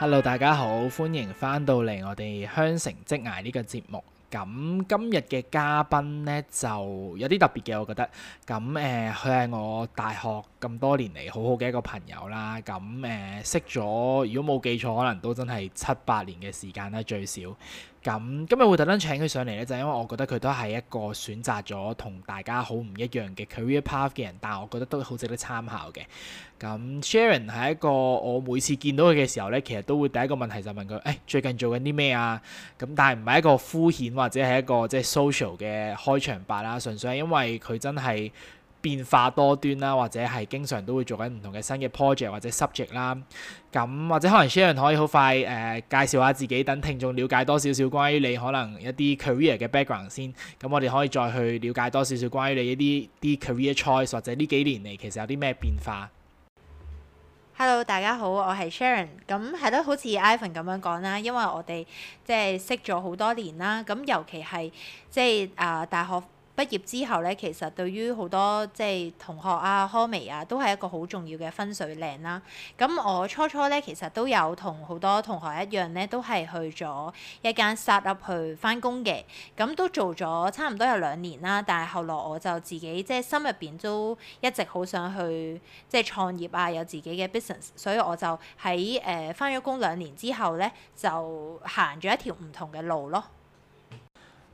hello，大家好，歡迎翻到嚟我哋「香城職涯」呢個節目。咁今日嘅嘉賓呢，就有啲特別嘅，我覺得。咁誒，佢、呃、係我大學咁多年嚟好好嘅一個朋友啦。咁誒，呃、識咗，如果冇記錯，可能都真係七八年嘅時間啦，最少。咁今日會特登請佢上嚟咧，就係因為我覺得佢都係一個選擇咗同大家好唔一樣嘅 career path 嘅人，但我覺得都好值得參考嘅。咁 Sharon 係一個我每次見到佢嘅時候咧，其實都會第一個問題就問佢，誒、哎、最近做緊啲咩啊？咁但係唔係一個敷衍或者係一個即係 social 嘅開場白啦，純粹係因為佢真係，變化多端啦，或者係經常都會做緊唔同嘅新嘅 project 或者 subject 啦。咁或者可能 Sharon 可以好快誒介紹下自己，等聽眾瞭解多少少關於你可能一啲 career 嘅 background 先。咁我哋可以再去瞭解多少少關於你一啲啲 career choice 或者呢幾年嚟其實有啲咩變化。Hello，大家好，我係 Sharon。咁係都好似 Ivan 咁樣講啦，因為我哋即係識咗好多年啦。咁尤其係即係啊大學。畢業之後咧，其實對於好多即係同學啊、科微啊，都係一個好重要嘅分水嶺啦。咁、嗯、我初初咧，其實都有同好多同學一樣咧，都係去咗一間 start up 去翻工嘅。咁、嗯、都做咗差唔多有兩年啦，但係後來我就自己即係心入邊都一直好想去即係創業啊，有自己嘅 business，所以我就喺誒翻咗工兩年之後咧，就行咗一條唔同嘅路咯。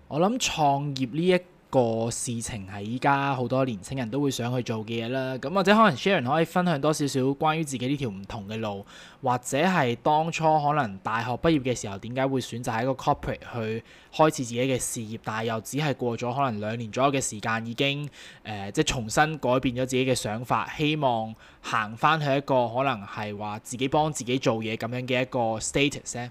我諗創業呢一個事情係依家好多年青人都會想去做嘅嘢啦，咁或者可能 Sharon 可以分享多少少關於自己呢條唔同嘅路，或者係當初可能大學畢業嘅時候點解會選擇喺個 corporate 去開始自己嘅事業，但係又只係過咗可能兩年左右嘅時間，已經、呃、即係重新改變咗自己嘅想法，希望行翻去一個可能係話自己幫自己做嘢咁樣嘅一個 status？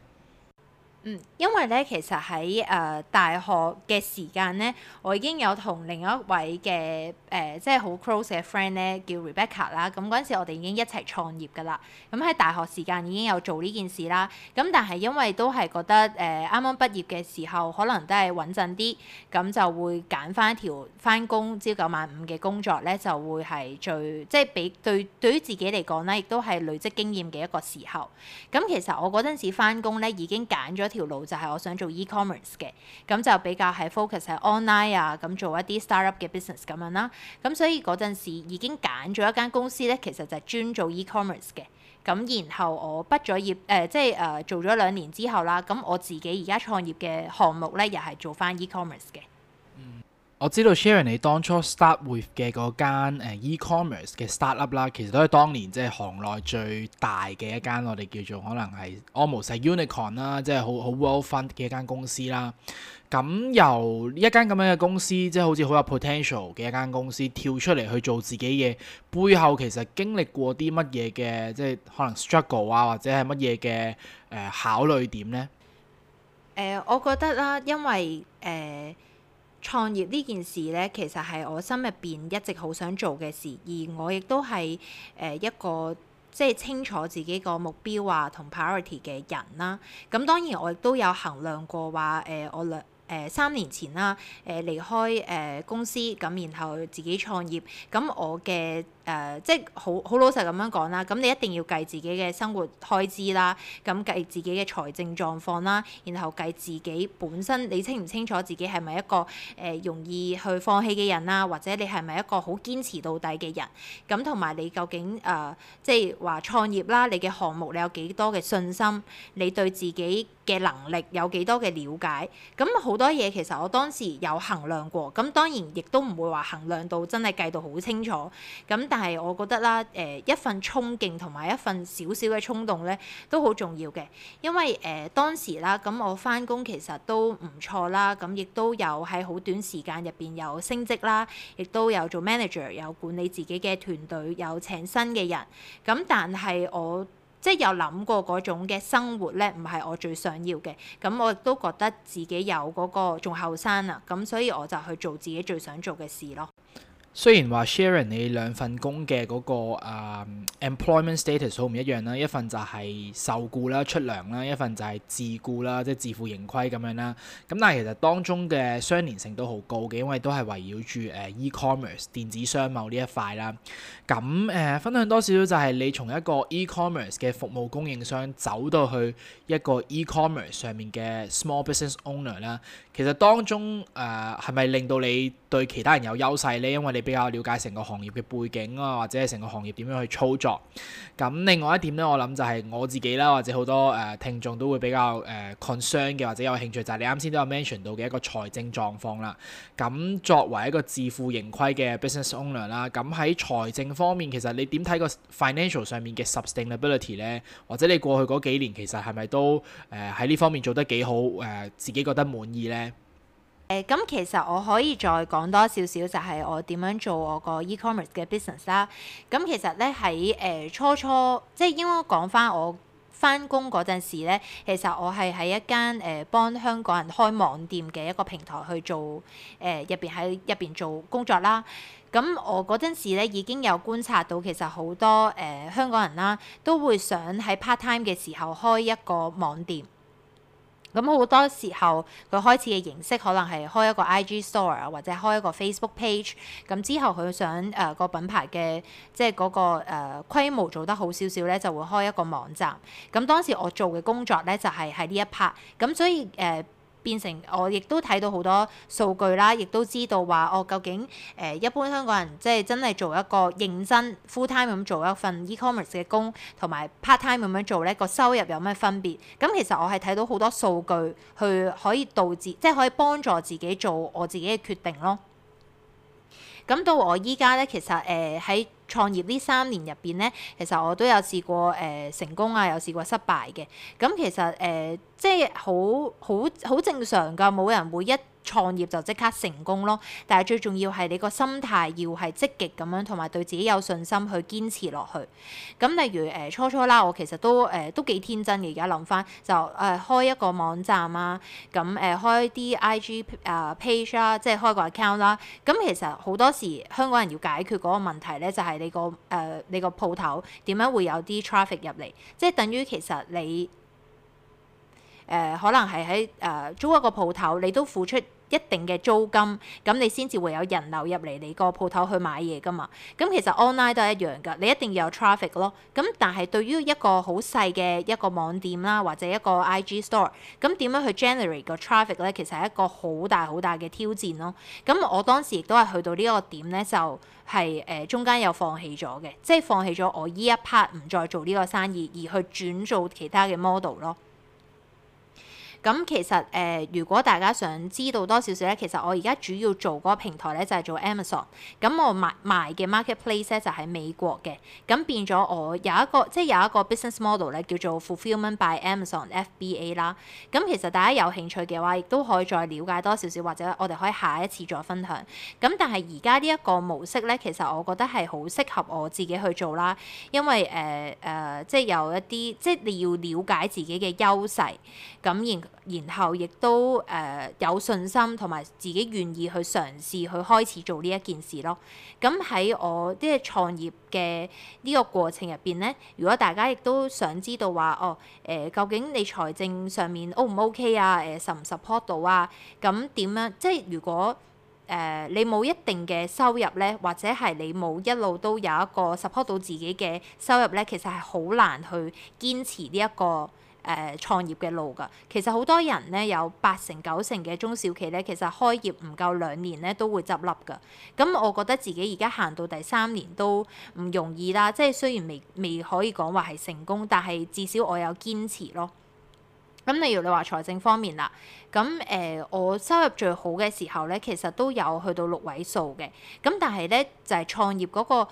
嗯，因為咧，其實喺誒、呃、大學嘅時間咧，我已經有同另一位嘅誒、呃，即係好 close 嘅 friend 咧，叫 Rebecca 啦。咁嗰陣時，我哋已經一齊創業噶啦。咁、嗯、喺大學時間已經有做呢件事啦。咁、嗯、但係因為都係覺得誒，啱啱畢業嘅時候，可能都係穩陣啲，咁、嗯、就會揀翻一條翻工朝九晚五嘅工作咧，就會係最即係比對對於自己嚟講咧，亦都係累積經驗嘅一個時候。咁、嗯、其實我嗰陣時翻工咧，已經揀咗，條路就係我想做 e-commerce 嘅，咁就比較係 focus 喺 online 啊，咁做一啲 startup 嘅 business 咁樣啦、啊。咁所以嗰陣時已經揀咗一間公司咧，其實就專做 e-commerce 嘅。咁然後我畢咗業，誒、呃、即係誒、呃、做咗兩年之後啦。咁我自己而家創業嘅項目咧，又係做返 e-commerce 嘅。我知道 Sharon 你當初 start with 嘅嗰間誒 e-commerce 嘅 startup 啦，start up，其實都係當年，即係行內最大嘅一間，我哋叫做可能係 almost 係 unicorn 啦，即係好好 well fund 嘅一間公司啦。咁由呢一間咁樣嘅公司，即係好似好有 potential 嘅一間公司，跳出嚟去做自己嘢，背後其實經歷過啲乜嘢嘅，即係可能 struggle 啊，或者係乜嘢嘅誒考慮點咧？誒、呃，我覺得啦，因為誒。呃創業呢件事咧，其實係我心入面一直好想做嘅事，而我亦都係誒、呃、一個即係清楚自己個目標啊同 priority 嘅人啦、啊。咁、嗯、當然我亦都有衡量過話誒、呃、我兩。誒三年前啦，誒離開誒公司，咁然後自己創業。咁我嘅誒、呃，即係好好老實咁樣講啦。咁你一定要計自己嘅生活開支啦，咁計自己嘅財政狀況啦，然後計自己本身你清唔清楚自己係咪一個誒容易去放棄嘅人啦，或者你係咪一個好堅持到底嘅人？咁同埋你究竟誒、呃，即係話創業啦，你嘅項目你有幾多嘅信心？你對自己嘅能力有幾多嘅了解？咁好好多嘢其實我當時有衡量過，咁當然亦都唔會話衡量到真係計到好清楚，咁但係我覺得啦，誒、呃、一份衝勁同埋一份少少嘅衝動咧，都好重要嘅，因為誒、呃、當時啦，咁我返工其實都唔錯啦，咁亦都有喺好短時間入邊有升職啦，亦都有做 manager 有管理自己嘅團隊，有請新嘅人，咁但係我。即係有諗過嗰種嘅生活咧，唔係我最想要嘅，咁我亦都覺得自己有嗰個仲後生啦，咁所以我就去做自己最想做嘅事咯。雖然話 Sharon 你兩份工嘅嗰、那個、uh, employment status 好唔一樣啦，一份就係受雇啦、出糧啦，一份就係自雇啦，即係自負盈虧咁樣啦。咁但係其實當中嘅相連性都好高嘅，因為都係圍繞住誒、uh, e-commerce 電子商務呢一塊啦。咁誒、uh, 分享多少少就係你從一個 e-commerce 嘅服務供應商走到去一個 e-commerce 上面嘅 small business owner 啦。其實當中誒係咪令到你對其他人有優勢呢？因為你比較了解成個行業嘅背景啊，或者係成個行業點樣去操作。咁另外一點咧，我諗就係我自己啦，或者好多誒、呃、聽眾都會比較誒、呃、concern 嘅，或者有興趣，就係、是、你啱先都有 mention 到嘅一個財政狀況啦。咁作為一個自負盈虧嘅 business owner 啦，咁喺財政方面，其實你點睇個 financial 上面嘅 sustainability 咧？或者你過去嗰幾年其實係咪都誒喺呢方面做得幾好誒、呃？自己覺得滿意咧？誒咁、嗯、其實我可以再講多少少，就係我點樣做我個 e-commerce 嘅 business 啦。咁、嗯、其實咧喺誒初初，即係應該講返我返工嗰陣時咧，其實我係喺一間誒、呃、幫香港人開網店嘅一個平台去做誒入邊喺入邊做工作啦。咁、嗯、我嗰陣時咧已經有觀察到，其實好多誒、呃、香港人啦都會想喺 part time 嘅時候開一個網店。咁好多時候，佢開始嘅形式可能係開一個 IG store 啊，或者開一個 Facebook page。咁之後佢想誒、呃、嗰個品牌嘅即係嗰、嗰個誒、呃、規模做得好少少咧，就會開一個網站。咁當時我做嘅工作咧就係喺呢一 part。咁所以誒。呃變成我亦都睇到好多數據啦，亦都知道話我、哦、究竟誒、呃、一般香港人即係真係做一個認真 full time 咁做一份 e-commerce 嘅工，同埋 part time 咁樣做咧，個收入有咩分別？咁其實我係睇到好多數據，去可以導致即係可以幫助自己做我自己嘅決定咯。咁到我依家咧，其實誒喺。呃創業呢三年入邊咧，其實我都有試過誒、呃、成功啊，有試過失敗嘅。咁、嗯、其實誒、呃，即係好好好正常㗎，冇人會一創業就即刻成功咯，但係最重要係你個心態要係積極咁樣，同埋對自己有信心去堅持落去。咁例如誒、呃、初初啦，我其實都誒、呃、都幾天真嘅，而家諗返就誒、呃、開一個網站啊，咁、嗯、誒、呃、開啲 I G 啊 page 啦，即係開個 account 啦、啊。咁、嗯、其實好多時香港人要解決嗰個問題咧，就係、是、你個誒、呃、你個鋪頭點樣會有啲 traffic 入嚟，即係等於其實你。誒、呃、可能係喺誒租一個鋪頭，你都付出一定嘅租金，咁你先至會有人流入嚟你個鋪頭去買嘢㗎嘛。咁其實 online 都係一樣㗎，你一定要有 traffic 咯。咁但係對於一個好細嘅一個網店啦，或者一個 IG store，咁點樣去 generate 個 traffic 咧？其實係一個好大好大嘅挑戰咯。咁我當時亦都係去到呢個點咧，就係、是、誒、呃、中間有放棄咗嘅，即係放棄咗我依一 part 唔再做呢個生意，而去轉做其他嘅 model 咯。咁其實誒、呃，如果大家想知道多少少咧，其實我而家主要做嗰個平台咧就係、是、做 Amazon，咁我賣賣嘅 marketplace 咧就喺、是、美國嘅，咁變咗我有一個即係、就是、有一個 business model 咧叫做 fulfillment by Amazon FBA 啦。咁其實大家有興趣嘅話，亦都可以再了解多少少，或者我哋可以下一次再分享。咁但係而家呢一個模式咧，其實我覺得係好適合我自己去做啦，因為誒誒，即、呃、係、呃就是、有一啲即係你要了解自己嘅優勢，咁然。然後亦都誒有信心同埋自己願意去嘗試去開始做呢一件事咯。咁喺我即係創業嘅呢個過程入邊咧，如果大家亦都想知道話，哦誒、呃，究竟你財政上面 O 唔 O K 啊？誒、呃，sup 唔 support 到啊？咁點樣？即係如果誒你冇一定嘅收入咧，或者係你冇一路都有一個 support 到自己嘅收入咧，其實係好難去堅持呢、這、一個。誒、呃、創業嘅路㗎，其實好多人咧有八成九成嘅中小企咧，其實開業唔夠兩年咧都會執笠㗎。咁我覺得自己而家行到第三年都唔容易啦，即係雖然未未可以講話係成功，但係至少我有堅持咯。咁、嗯、例如你話財政方面啦，咁、嗯、誒、呃、我收入最好嘅時候咧，其實都有去到六位數嘅。咁、嗯、但係咧就係、是、創業嗰、那個。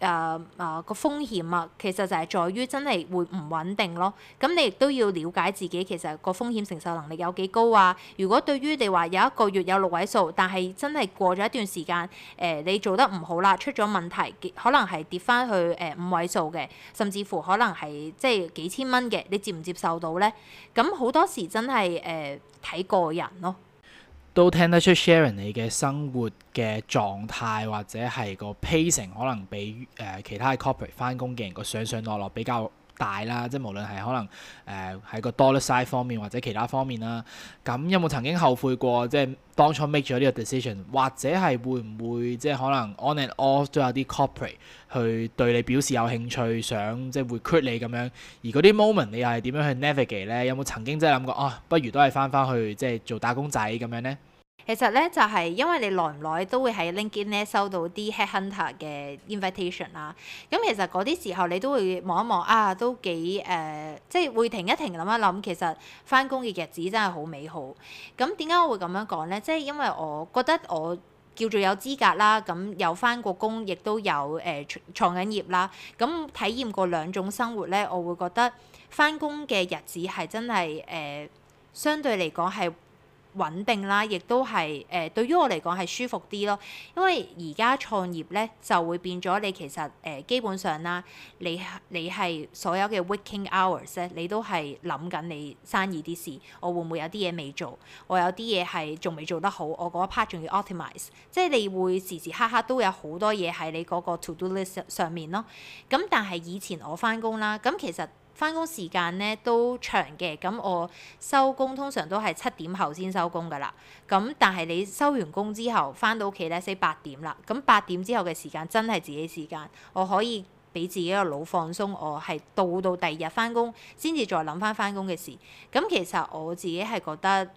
誒誒個風險啊，其實就係在於真係會唔穩定咯。咁你亦都要了解自己其實個風險承受能力有幾高啊。如果對於你話有一個月有六位數，但係真係過咗一段時間誒、呃，你做得唔好啦，出咗問題，可能係跌翻去誒、呃、五位數嘅，甚至乎可能係即係幾千蚊嘅，你接唔接受到咧？咁好多時真係誒睇個人咯。都聽得出 Sharon 你嘅生活嘅狀態，或者係個 pacing 可能比誒、呃、其他嘅 corporate 翻工嘅人個上上落落比較。大啦，即係無論係可能誒喺、呃、個 dollar size 方面或者其他方面啦、啊，咁有冇曾經後悔過？即係當初 make 咗呢個 decision，或者係會唔會即係可能 on and off 都有啲 corporate 去對你表示有興趣，想即係 recruit 你咁樣？而嗰啲 moment 你又係點樣去 navigate 咧？有冇曾經即係諗過哦、啊，不如都係翻翻去即係做打工仔咁樣咧？其實咧就係、是、因為你耐唔耐都會喺 LinkedIn 收到啲 headhunter 嘅 invitation 啦，咁、嗯、其實嗰啲時候你都會望一望，啊都幾誒、呃，即係會停一停諗一諗，其實翻工嘅日子真係好美好。咁點解我會咁樣講咧？即係因為我覺得我叫做有資格啦，咁有翻過工，亦都有誒、呃、創創緊業啦，咁、嗯、體驗過兩種生活咧，我會覺得翻工嘅日子係真係誒、呃，相對嚟講係。穩定啦，亦都係誒、呃、對於我嚟講係舒服啲咯。因為而家創業咧，就會變咗你其實誒、呃、基本上啦，你係你係所有嘅 working hours 咧，你都係諗緊你生意啲事。我會唔會有啲嘢未做？我有啲嘢係仲未做得好，我嗰一 part 仲要 optimize，即係你會時時刻刻都有好多嘢喺你嗰個 to do list 上面咯。咁、嗯、但係以前我返工啦，咁、嗯、其實。返工時間呢都長嘅，咁我收工通常都係七點後先收工㗎喇。咁但係你收完工之後返到屋企呢，先八點啦。咁八點之後嘅時間真係自己時間，我可以俾自己個腦放鬆，我係到到第二日返工先至再諗返返工嘅事。咁其實我自己係覺得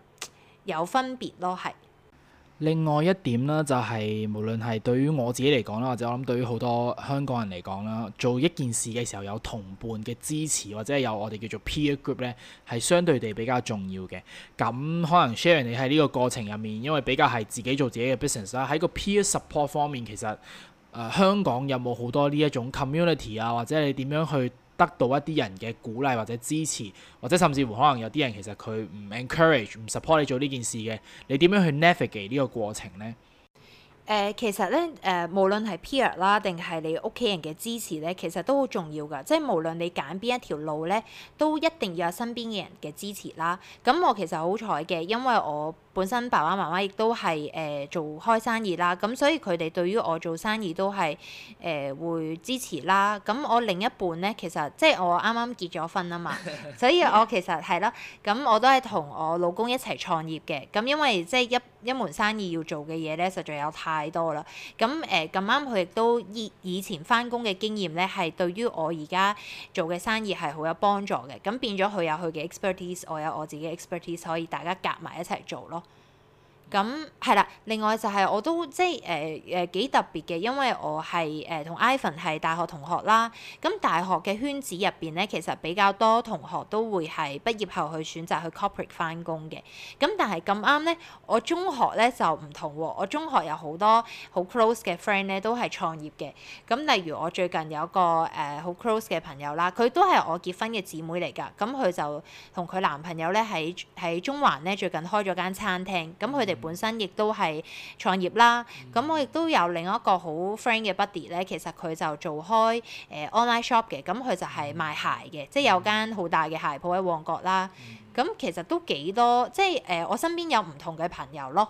有分別囉，係。另外一點咧、就是，就係無論係對於我自己嚟講啦，或者我諗對於好多香港人嚟講啦，做一件事嘅時候有同伴嘅支持，或者有我哋叫做 peer group 咧，係相對地比較重要嘅。咁可能 Sharon 你喺呢個過程入面，因為比較係自己做自己嘅 business 啦，喺個 peer support 方面，其實誒、呃、香港有冇好多呢一種 community 啊，或者你點樣去得到一啲人嘅鼓勵或者支持，或者甚至乎可能有啲人其實佢唔 encourage 唔 support 你做呢件事嘅，你點樣去 navigate 呢個過程呢？誒、呃，其實咧誒、呃，無論係 peer 啦，定係你屋企人嘅支持咧，其實都好重要㗎。即係無論你揀邊一條路咧，都一定要有身邊嘅人嘅支持啦。咁我其實好彩嘅，因為我，本身爸爸媽媽亦都係誒做開生意啦，咁、嗯、所以佢哋對於我做生意都係誒、呃、會支持啦。咁、嗯、我另一半咧，其實即係我啱啱結咗婚啊嘛，所以我其實係咯，咁、 嗯、我都係同我老公一齊創業嘅。咁、嗯、因為即係一一門生意要做嘅嘢咧，實在有太多啦。咁誒，咁啱佢亦都以以前翻工嘅經驗咧，係對於我而家做嘅生意係好有幫助嘅。咁、嗯、變咗佢有佢嘅 expertise，我有我自己 expertise，可以大家夾埋一齊做咯。咁係啦，另外就係、是、我都即係誒誒幾特別嘅，因為我係誒同、呃、Ivan 係大學同學啦。咁大學嘅圈子入邊咧，其實比較多同學都會係畢業後去選擇去 Corporate 翻工嘅。咁但係咁啱咧，我中學咧就唔同喎、啊。我中學有好多好 close 嘅 friend 咧，都係創業嘅。咁例如我最近有一個誒好 close 嘅朋友啦，佢都係我結婚嘅姊妹嚟㗎。咁佢就同佢男朋友咧，喺喺中環咧最近開咗間餐廳。咁佢哋本身亦都係創業啦，咁我亦都有另一個好 friend 嘅 buddy 咧，其實佢就做開誒、呃、online shop 嘅，咁佢就係賣鞋嘅，即係有間好大嘅鞋鋪喺旺角啦。咁其實都幾多，即係誒、呃、我身邊有唔同嘅朋友咯。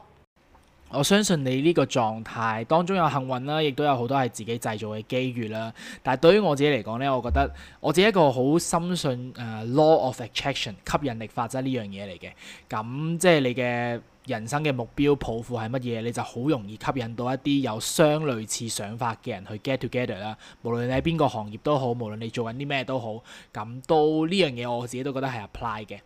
我相信你呢個狀態當中有幸運啦，亦都有好多係自己製造嘅機遇啦。但係對於我自己嚟講咧，我覺得我自己一個好深信誒、呃、law of attraction 吸引力法則呢樣嘢嚟嘅。咁即係你嘅人生嘅目標抱負係乜嘢，你就好容易吸引到一啲有相類似想法嘅人去 get together 啦。無論你喺邊個行業都好，無論你做緊啲咩都好，咁都呢樣嘢我自己都覺得係 apply 嘅。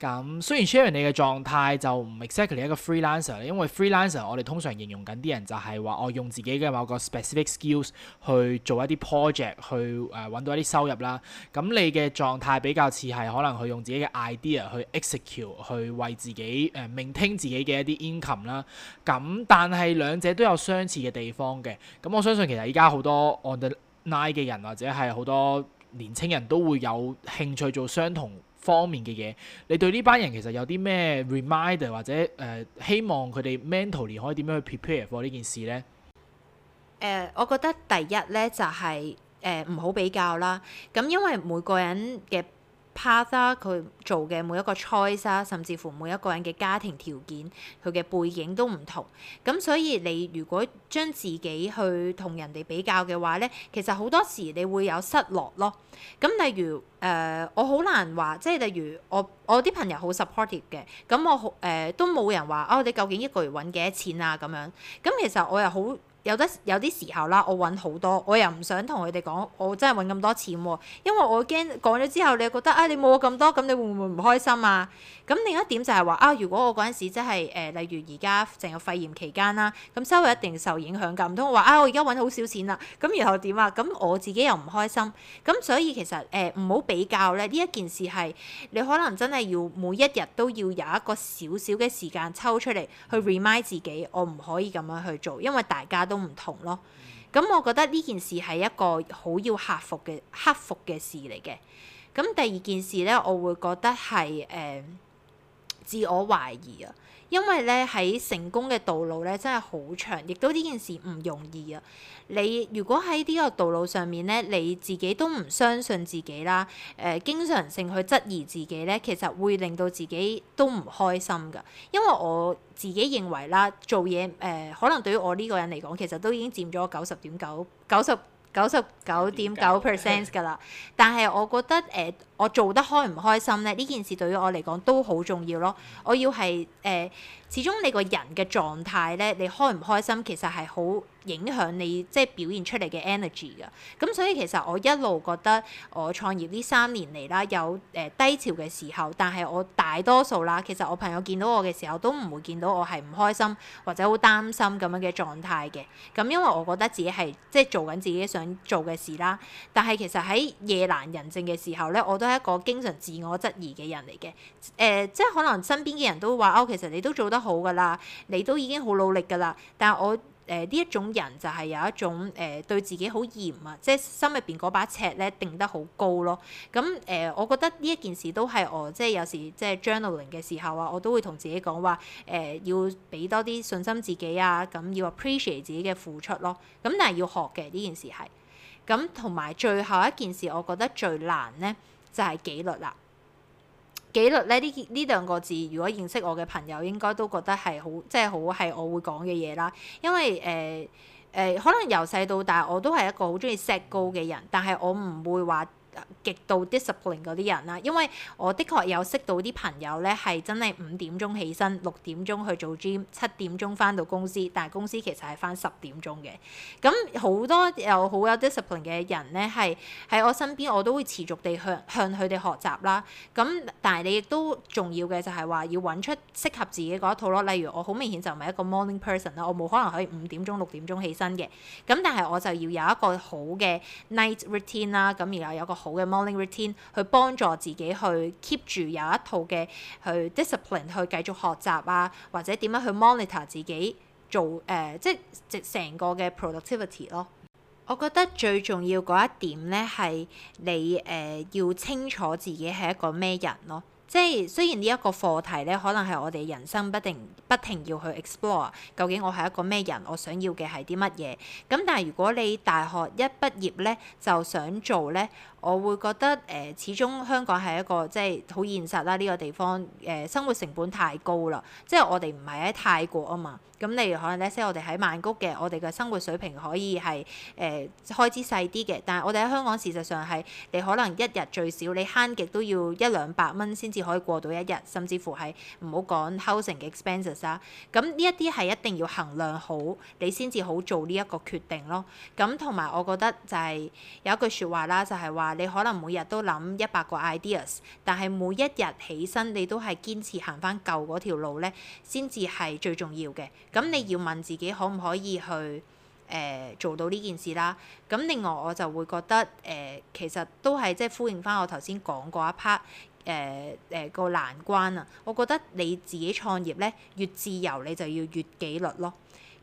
咁雖然 Sharon 你嘅狀態就唔 exactly 一個 freelancer，因為 freelancer 我哋通常形容緊啲人就係話我用自己嘅某個 specific skills 去做一啲 project 去誒揾、呃、到一啲收入啦。咁你嘅狀態比較似係可能去用自己嘅 idea 去 execute 去為自己誒明聽自己。嘅一啲 income 啦，咁但係兩者都有相似嘅地方嘅，咁我相信其實依家好多 online 嘅人或者係好多年青人都會有興趣做相同方面嘅嘢。你對呢班人其實有啲咩 reminder 或者誒、呃、希望佢哋 mentally 可以點樣去 prepare for 呢件事咧？誒、呃，我覺得第一咧就係誒唔好比較啦，咁因為每個人嘅。path 啦、啊，佢做嘅每一個 choice 啦、啊，甚至乎每一個人嘅家庭條件，佢嘅背景都唔同。咁所以你如果將自己去同人哋比較嘅話咧，其實好多時你會有失落咯。咁例如誒、呃，我好難話，即係例如我我啲朋友好 supportive 嘅，咁我好誒、呃、都冇人話啊、哦。你究竟一個月揾幾多錢啊？咁樣咁其實我又好。有得有啲時候啦，我揾好多，我又唔想同佢哋講我真係揾咁多錢喎、啊，因為我驚講咗之後，你又覺得啊、哎，你冇我咁多，咁你會唔會唔開心啊？咁另一點就係話啊，如果我嗰陣時真、就、係、是呃、例如而家淨有肺炎期間啦，咁收入一定受影響㗎，唔通我話啊，我而家揾好少錢啦，咁然後點啊？咁我自己又唔開心，咁所以其實誒唔好比較咧，呢一件事係你可能真係要每一日都要有一個少少嘅時間抽出嚟去 remind 自己，我唔可以咁樣去做，因為大家都唔同咯，咁、嗯、我覺得呢件事係一個好要克服嘅克服嘅事嚟嘅。咁第二件事咧，我會覺得係誒、呃、自我懷疑啊。因為咧，喺成功嘅道路咧，真係好長，亦都呢件事唔容易啊！你如果喺呢個道路上面咧，你自己都唔相信自己啦，誒、呃、經常性去質疑自己咧，其實會令到自己都唔開心㗎。因為我自己認為啦，做嘢誒、呃、可能對於我呢個人嚟講，其實都已經佔咗九十點九九十九十九點九 percent 㗎啦。但係我覺得誒、呃我做得開唔開心咧？呢件事對於我嚟講都好重要咯。我要係誒、呃、始終你個人嘅狀態咧，你開唔開心，其實係好影響你即係表現出嚟嘅 energy 㗎。咁、嗯、所以其實我一路覺得我創業呢三年嚟啦，有誒、呃、低潮嘅時候，但係我大多數啦，其實我朋友見到我嘅時候都唔會見到我係唔開心或者好擔心咁樣嘅狀態嘅。咁、嗯、因為我覺得自己係即係做緊自己想做嘅事啦。但係其實喺夜闌人靜嘅時候咧，我都～係一個經常自我質疑嘅人嚟嘅，誒、呃，即係可能身邊嘅人都話：「哦，其實你都做得好噶啦，你都已經好努力噶啦。但係我誒呢、呃、一種人就係有一種誒、呃、對自己好嚴啊，即係心入邊嗰把尺咧定得好高咯。咁、嗯、誒、呃，我覺得呢一件事都係我即係有時即係 journaling 嘅時候啊，我都會同自己講話誒、呃，要俾多啲信心自己啊，咁、嗯、要 appreciate 自己嘅付出咯。咁、嗯、但係要學嘅呢件事係咁，同、嗯、埋最後一件事，我覺得最難咧。就係紀律啦，紀律咧，呢呢兩個字，如果認識我嘅朋友，應該都覺得係好即係好係我會講嘅嘢啦。因為誒誒、呃呃，可能由細到大我都係一個好鍾意 set goal 嘅人，但係我唔會話極度 discipline 嗰啲人啦，因為我的確有識到啲朋友咧，係真係五點鐘起身，六點鐘去做 gym，七點鐘返到公司，但係公司其實係返十點鐘嘅。咁、嗯、好多有好有 discipline 嘅人咧，係喺我身邊，我都會持續地向向佢哋學習啦。咁、嗯、但係你亦都重要嘅就係話要揾出適合自己嗰一套咯。例如我好明顯就唔係一個 morning person 啦，我冇可能可以五點鐘六點鐘起身嘅。咁、嗯、但係我就要有一個好嘅 night routine 啦，咁然後有個好嘅 morning routine 去幫助自己去 keep 住有一套嘅去 discipline 去繼續學習啊，或者點樣去 monitor 自己做誒、呃，即係成個嘅 productivity 咯。我覺得最重要嗰一點咧，係你誒、呃、要清楚自己係一個咩人咯。即係雖然呢一個課題咧，可能係我哋人生不定不停要去 explore，究竟我係一個咩人，我想要嘅係啲乜嘢。咁但係如果你大學一畢業咧，就想做咧。我會覺得誒、呃，始終香港係一個即係好現實啦，呢、這個地方誒、呃、生活成本太高啦，即係我哋唔係喺泰國啊嘛。咁例如可能咧，即係我哋喺曼谷嘅，我哋嘅生活水平可以係誒、呃、開支細啲嘅，但係我哋喺香港事實上係你可能一日最少你慳極都要一兩百蚊先至可以過到一日，甚至乎係唔好講 housing 嘅 expenses 啦。咁呢一啲係一定要衡量好，你先至好做呢一個決定咯。咁同埋我覺得就係、是、有一句説話啦，就係、是、話。你可能每日都諗一百個 ideas，但係每一日起身你都係堅持行翻舊嗰條路咧，先至係最重要嘅。咁你要問自己可唔可以去誒、呃、做到呢件事啦。咁另外我就會覺得誒、呃，其實都係即係呼應翻我頭先講過一 part 誒誒個難關啊。我覺得你自己創業咧，越自由你就要越紀律咯，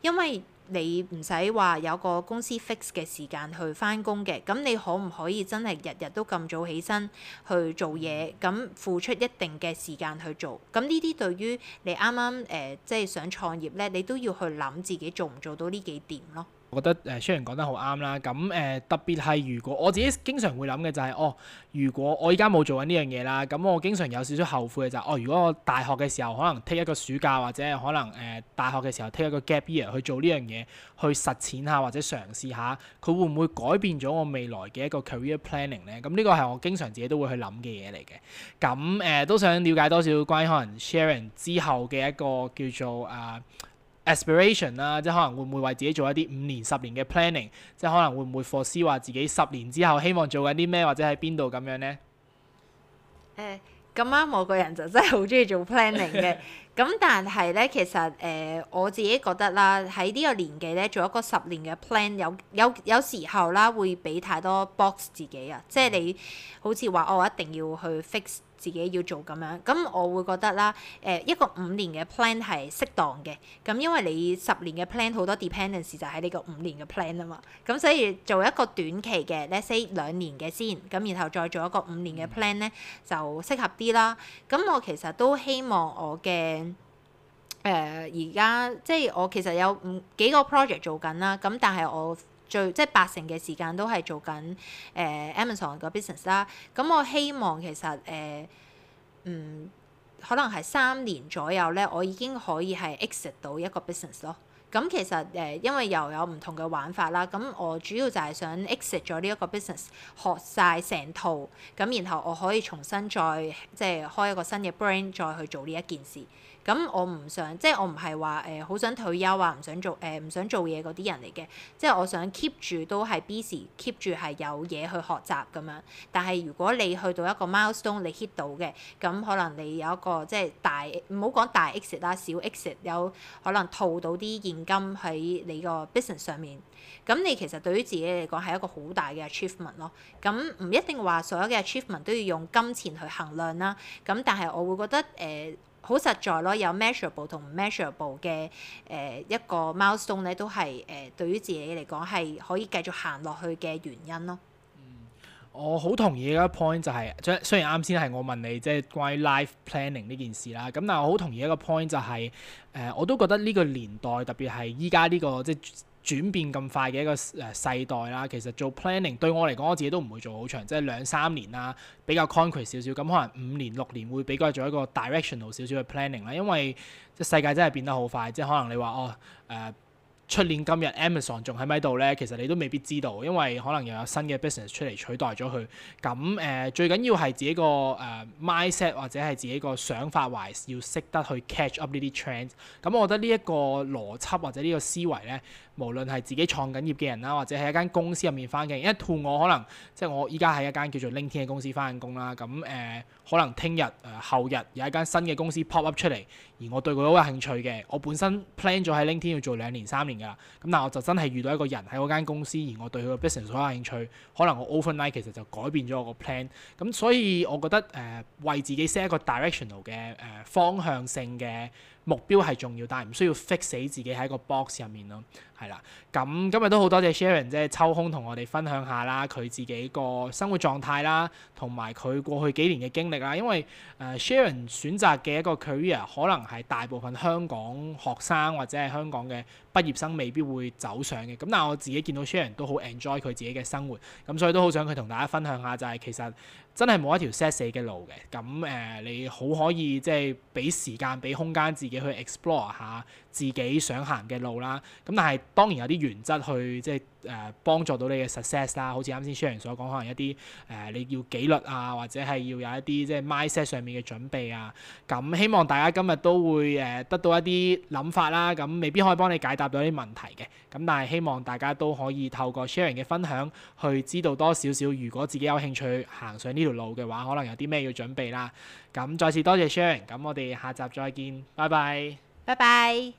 因為，你唔使話有個公司 fix 嘅時間去翻工嘅，咁你可唔可以真係日日都咁早起身去做嘢？咁付出一定嘅時間去做，咁呢啲對於你啱啱誒，即係想創業咧，你都要去諗自己做唔做到呢幾點咯。我覺得誒，Sharon 講得好啱啦。咁誒、呃，特別係如果我自己經常會諗嘅就係、是、哦，如果我依家冇做緊呢樣嘢啦，咁我經常有少少後悔嘅就係、是、哦，如果我大學嘅時候可能 take 一個暑假或者可能誒、呃、大學嘅時候 take 一個 gap year 去做呢樣嘢，去實踐下或者嘗試下，佢會唔會改變咗我未來嘅一個 career planning 咧？咁呢個係我經常自己都會去諗嘅嘢嚟嘅。咁誒、呃，都想了解多少關於可能 Sharon 之後嘅一個叫做啊～、呃 aspiration 啦，As iration，即係可能會唔會為自己做一啲五年、十年嘅 planning，即係可能會唔會 foresee 話自己十年之後希望做緊啲咩或者喺邊度咁樣呢？咁啱、呃、我個人就真係好中意做 planning 嘅。咁 但係呢，其實誒、呃、我自己覺得啦，喺呢個年紀呢，做一個十年嘅 plan 有有有時候啦會俾太多 box 自己啊，即係你好似話、哦、我一定要去 fix。自己要做咁樣，咁我會覺得啦，誒、呃、一個五年嘅 plan 係適當嘅。咁因為你十年嘅 plan 好多 dependency 就喺呢個五年嘅 plan 啊嘛，咁所以做一個短期嘅，let's say 兩年嘅先，咁然後再做一個五年嘅 plan 咧就適合啲啦。咁我其實都希望我嘅誒而家即係我其實有五幾個 project 做緊啦，咁但係我。最即係八成嘅時間都係做緊誒、呃、Amazon 個 business 啦。咁、嗯、我希望其實誒、呃、嗯，可能係三年左右咧，我已經可以係 exit 到一個 business 咯。咁、嗯、其實誒、呃，因為又有唔同嘅玩法啦。咁、嗯、我主要就係想 exit 咗呢一個 business，學晒成套，咁、嗯、然後我可以重新再即係開一個新嘅 brand，再去做呢一件事。咁我唔想，即係我唔係話誒好想退休啊，唔想做誒唔、呃、想做嘢嗰啲人嚟嘅。即係我想 keep 住都係 business，keep 住係有嘢去學習咁樣。但係如果你去到一個 milestone，你 hit 到嘅咁，可能你有一個即係大唔好講大 exit 啦，小 exit 有可能套到啲現金喺你個 business 上面。咁你其實對於自己嚟講係一個好大嘅 achievement 咯。咁唔一定話所有嘅 achievement 都要用金錢去衡量啦。咁但係我會覺得誒、呃好實在咯，有 measurable 同唔 measurable 嘅誒一個 milestone 咧，都係誒對於自己嚟講係可以繼續行落去嘅原因咯。嗯，我好同意一個 point 就係，即係雖然啱先係我問你即係關於 life planning 呢件事啦，咁但係我好同意一個 point 就係誒，我都覺得呢個年代特別係依家呢個即係。轉變咁快嘅一個誒世代啦，其實做 planning 對我嚟講，我自己都唔會做好長，即係兩三年啦，比較 concrete 少少咁，可能五年六年會比較做一個 directional 少少嘅 planning 啦，因為世界真係變得好快，即係可能你話哦呃、出年今日 Amazon 仲喺咪度呢？其實你都未必知道，因為可能又有新嘅 business 出嚟取代咗佢咁誒。最緊要係自己個誒、呃、mindset 或者係自己個想法，還要識得去 catch up 呢啲 trends。咁我覺得呢一個邏輯或者呢個思維呢。無論係自己創緊業嘅人啦，或者喺一間公司入面翻嘅人，因為同我可能即係我依家喺一間叫做 LinkedIn 嘅公司翻緊工啦。咁、嗯、誒、呃，可能聽日、誒、呃、後日有一間新嘅公司 pop up 出嚟，而我對佢都好有興趣嘅，我本身 plan 咗喺 LinkedIn 要做兩年、三年㗎啦。咁、嗯、嗱，但我就真係遇到一個人喺嗰間公司，而我對佢個 business 好有興趣，可能我 overnight 其實就改變咗我個 plan。咁、嗯、所以我覺得誒、呃，為自己 set 一個 directional 嘅誒、呃、方向性嘅。目標係重要，但係唔需要 fix 死自己喺個 box 入面咯，係啦。咁今日都好多謝 Sharon 即係，抽空同我哋分享下啦，佢自己個生活狀態啦，同埋佢過去幾年嘅經歷啦。因為誒 Sharon 選擇嘅一個 career 可能係大部分香港學生或者係香港嘅畢業生未必會走上嘅，咁但係我自己見到 Sharon 都好 enjoy 佢自己嘅生活，咁所以都好想佢同大家分享下、就是，就係其實真係冇一條 set 死嘅路嘅，咁誒、呃、你好可以即係俾時間、俾空間自己去 explore 下。自己想行嘅路啦，咁但係當然有啲原則去即係誒、呃、幫助到你嘅 success 啦。好似啱先 Sharon 所講，可能一啲誒、呃、你要紀律啊，或者係要有一啲即係 mindset 上面嘅準備啊。咁希望大家今日都會誒、呃、得到一啲諗法啦。咁未必可以幫你解答到啲問題嘅，咁但係希望大家都可以透過 Sharon 嘅分享去知道多少少。如果自己有興趣行上呢條路嘅話，可能有啲咩要準備啦。咁再次多謝 Sharon。咁我哋下集再見，拜拜，拜拜。